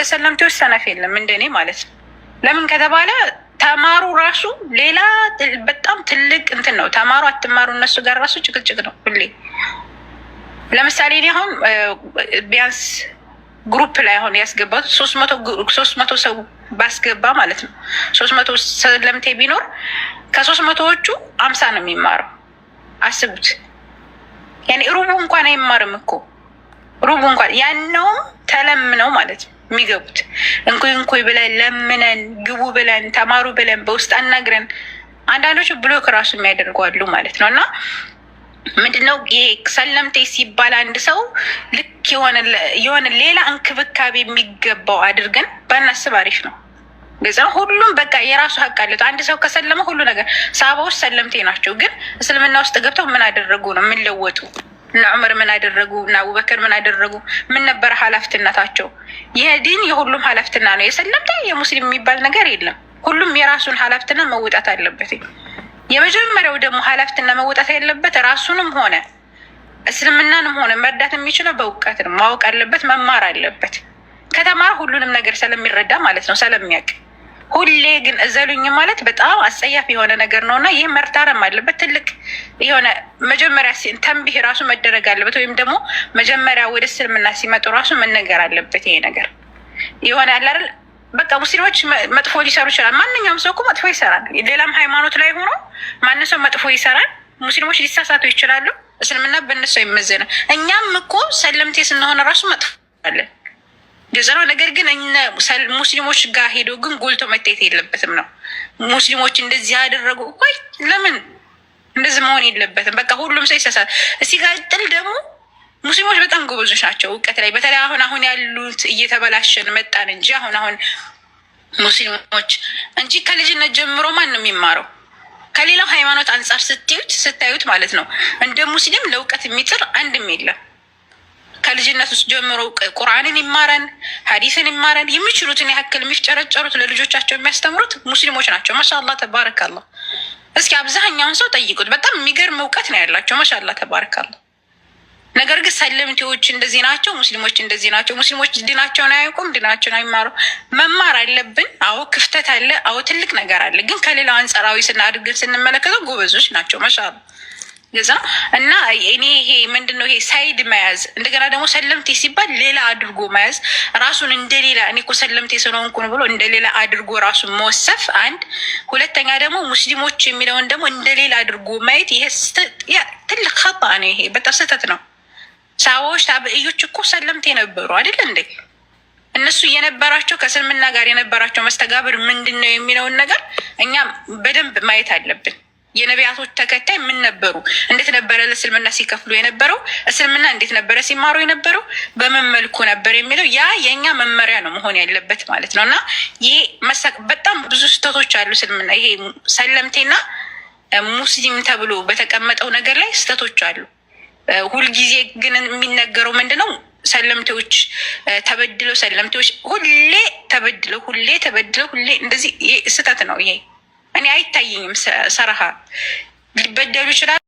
እንደ ሰለምቴዎች ሰነፍ የለም እንደኔ ማለት ነው። ለምን ከተባለ ተማሩ ራሱ ሌላ በጣም ትልቅ እንትን ነው። ተማሩ አትማሩ እነሱ ጋር ራሱ ጭቅጭቅ ነው ሁሌ። ለምሳሌ እኔ አሁን ቢያንስ ግሩፕ ላይ አሁን ያስገባት ሶስት መቶ ሰው ባስገባ ማለት ነው ሶስት መቶ ሰለምቴ ቢኖር ከሶስት መቶዎቹ አምሳ ነው የሚማረው። አስቡት ያኔ ሩቡ እንኳን አይማርም እኮ ሩቡ እንኳን ያነውም ተለምነው ማለት ነው የሚገቡት። እንኮይ እንኮይ ብለን ለምነን ግቡ ብለን ተማሩ ብለን በውስጥ አናግረን አንዳንዶቹ ብሎክ ራሱ የሚያደርጓሉ ማለት ነው። እና ምንድነው ይሄ ሰለምቴ ሲባል አንድ ሰው ልክ የሆነ ሌላ እንክብካቤ የሚገባው አድርገን ባናስብ አሪፍ ነው። ገዛ ሁሉም በቃ የራሱ ሀቅ አለት። አንድ ሰው ከሰለመ ሁሉ ነገር ሳባ ሰለምቴ ናቸው። ግን እስልምና ውስጥ ገብተው ምን አደረጉ ነው የምንለወጡ እና ዑመር ምን አደረጉ? እና አቡበክር ምን አደረጉ? ምን ነበረ ኃላፊነታቸው? ይህ የሁሉም ኃላፊትና ነው። የሰለምታ የሙስሊም የሚባል ነገር የለም። ሁሉም የራሱን ኃላፊትና መወጣት አለበት። የመጀመሪያው ደግሞ ኃላፊትና መወጣት ያለበት ራሱንም ሆነ እስልምናንም ሆነ መርዳት የሚችለው በእውቀት ነው። ማወቅ አለበት፣ መማር አለበት። ከተማረ ሁሉንም ነገር ስለሚረዳ ማለት ነው ስለሚያውቅ ሁሌ ግን እዘሉኝ ማለት በጣም አስጸያፍ የሆነ ነገር ነው እና ይህ መርታረም አለበት። ትልቅ የሆነ መጀመሪያ ተንቢህ ራሱ መደረግ አለበት፣ ወይም ደግሞ መጀመሪያ ወደ እስልምና ሲመጡ ራሱ መነገር አለበት። ይሄ ነገር የሆነ ያለ አይደል በቃ ሙስሊሞች መጥፎ ሊሰሩ ይችላል። ማንኛውም ሰው እኮ መጥፎ ይሰራል። ሌላም ሃይማኖት ላይ ሆኖ ማን ሰው መጥፎ ይሰራል። ሙስሊሞች ሊሳሳቱ ይችላሉ። እስልምና በእነሱ አይመዘንም። እኛም እኮ ሰለምቴ ስንሆን ራሱ መጥፎ አለን። እንደዛ ነው። ነገር ግን እነ ሙስሊሞች ጋር ሄዶ ግን ጎልቶ መታየት የለበትም ነው። ሙስሊሞች እንደዚህ ያደረጉ ወይ ለምን እንደዚህ መሆን የለበትም። በቃ ሁሉም ሰው ይሳሳል። ሲቀጥል ደግሞ ሙስሊሞች በጣም ጎበዞች ናቸው እውቀት ላይ። በተለይ አሁን አሁን ያሉት እየተበላሸን መጣን እንጂ አሁን አሁን ሙስሊሞች እንጂ ከልጅነት ጀምሮ ማን ነው የሚማረው? ከሌላው ሃይማኖት አንጻር ስትዩት ስታዩት ማለት ነው እንደ ሙስሊም ለእውቀት የሚጥር አንድም የለም። ከልጅነት ውስጥ ጀምሮ ቁርአንን ይማረን፣ ሀዲስን ይማረን። የሚችሉትን ያክል የሚፍጨረጨሩት ለልጆቻቸው የሚያስተምሩት ሙስሊሞች ናቸው። ማሻላ ተባረካላ። እስኪ አብዛኛውን ሰው ጠይቁት። በጣም የሚገርም እውቀት ነው ያላቸው። ማሻላ ተባረካላ። ነገር ግን ሰለምቴዎች እንደዚህ ናቸው፣ ሙስሊሞች እንደዚህ ናቸው። ሙስሊሞች ድናቸውን አያውቁም፣ ድናቸውን አይማሩ። መማር አለብን። አዎ ክፍተት አለ። አዎ ትልቅ ነገር አለ። ግን ከሌላው አንጻራዊ ስናድግን ስንመለከተው ጎበዞች ናቸው። ማሻላ ገዛ እና እኔ ይሄ ምንድን ነው ይሄ ሳይድ መያዝ፣ እንደገና ደግሞ ሰለምቴ ሲባል ሌላ አድርጎ መያዝ ራሱን እንደሌላ እኔ እኮ ሰለምቴ ስለሆንኩ ነው ብሎ እንደሌላ አድርጎ ራሱን መወሰፍ አንድ። ሁለተኛ ደግሞ ሙስሊሞች የሚለውን ደግሞ እንደሌላ አድርጎ ማየት ይሄ ትልቅ ከባ ነው። ይሄ በጣም ስህተት ነው። ሰዎች ታብእዮች እኮ ሰለምቴ ነበሩ አይደል እንዴ? እነሱ የነበራቸው ከእስልምና ጋር የነበራቸው መስተጋብር ምንድን ነው የሚለውን ነገር እኛም በደንብ ማየት አለብን። የነቢያቶች ተከታይ ምን ነበሩ? እንዴት ነበረ ለእስልምና ሲከፍሉ የነበረው? እስልምና እንዴት ነበረ ሲማሩ የነበረው? በምን መልኩ ነበር የሚለው ያ የእኛ መመሪያ ነው መሆን ያለበት ማለት ነው። እና ይሄ መሳቅ በጣም ብዙ ስህተቶች አሉ እስልምና ይሄ ሰለምቴና ሙስሊም ተብሎ በተቀመጠው ነገር ላይ ስህተቶች አሉ። ሁልጊዜ ግን የሚነገረው ምንድነው? ሰለምቴዎች ተበድለው ሰለምቴዎች ሁሌ ተበድለው ሁሌ ተበድለው ሁሌ እንደዚህ ስህተት ነው ይሄ እኔ አይታየኝም። ሰረሃ ሊበደሉ ይችላል።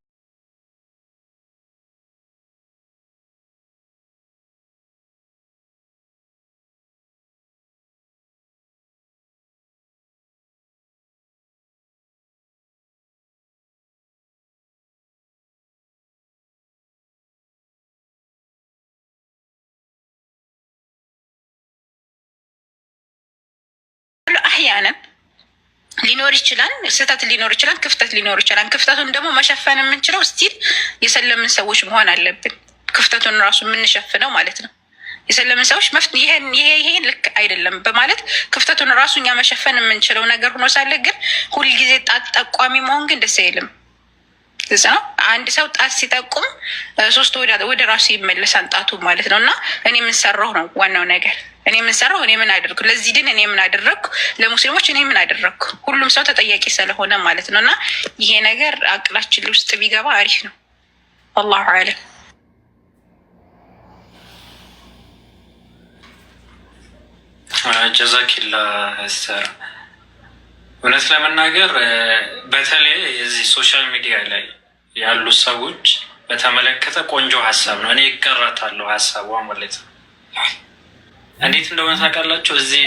أحيانا ሊኖር ይችላል፣ ስህተት ሊኖር ይችላል፣ ክፍተት ሊኖር ይችላል። ክፍተቱን ደግሞ መሸፈን የምንችለው ስቲል የሰለምን ሰዎች መሆን አለብን። ክፍተቱን ራሱ የምንሸፍነው ማለት ነው። የሰለምን ሰዎች ይሄን ይሄ ልክ አይደለም በማለት ክፍተቱን ራሱ እኛ መሸፈን የምንችለው ነገር ሆኖ ሳለ ግን ሁልጊዜ ጣት ጠቋሚ መሆን ግን ደስ አይልም። ግልጽ ነው። አንድ ሰው ጣት ሲጠቁም ሶስት ወደ ራሱ ይመለሳል ጣቱ ማለት ነው። እና እኔ የምንሰራው ነው ዋናው ነገር እኔ የምንሰራው እኔ ምን አደርኩ ለዚህ ድን እኔ ምን አደረግኩ ለሙስሊሞች እኔ ምን አደረግኩ ሁሉም ሰው ተጠያቂ ስለሆነ ማለት ነው። እና ይሄ ነገር አቅላችን ውስጥ ቢገባ አሪፍ ነው። አላሁ አለም። ጀዛኪላ ስተር እውነት ለመናገር በተለይ የዚህ ሶሻል ሚዲያ ላይ ያሉ ሰዎች በተመለከተ ቆንጆ ሀሳብ ነው። እኔ ይቀረታለሁ ሀሳቧ ማለት ነው። እንዴት እንደሆነ ታውቃላችሁ እዚህ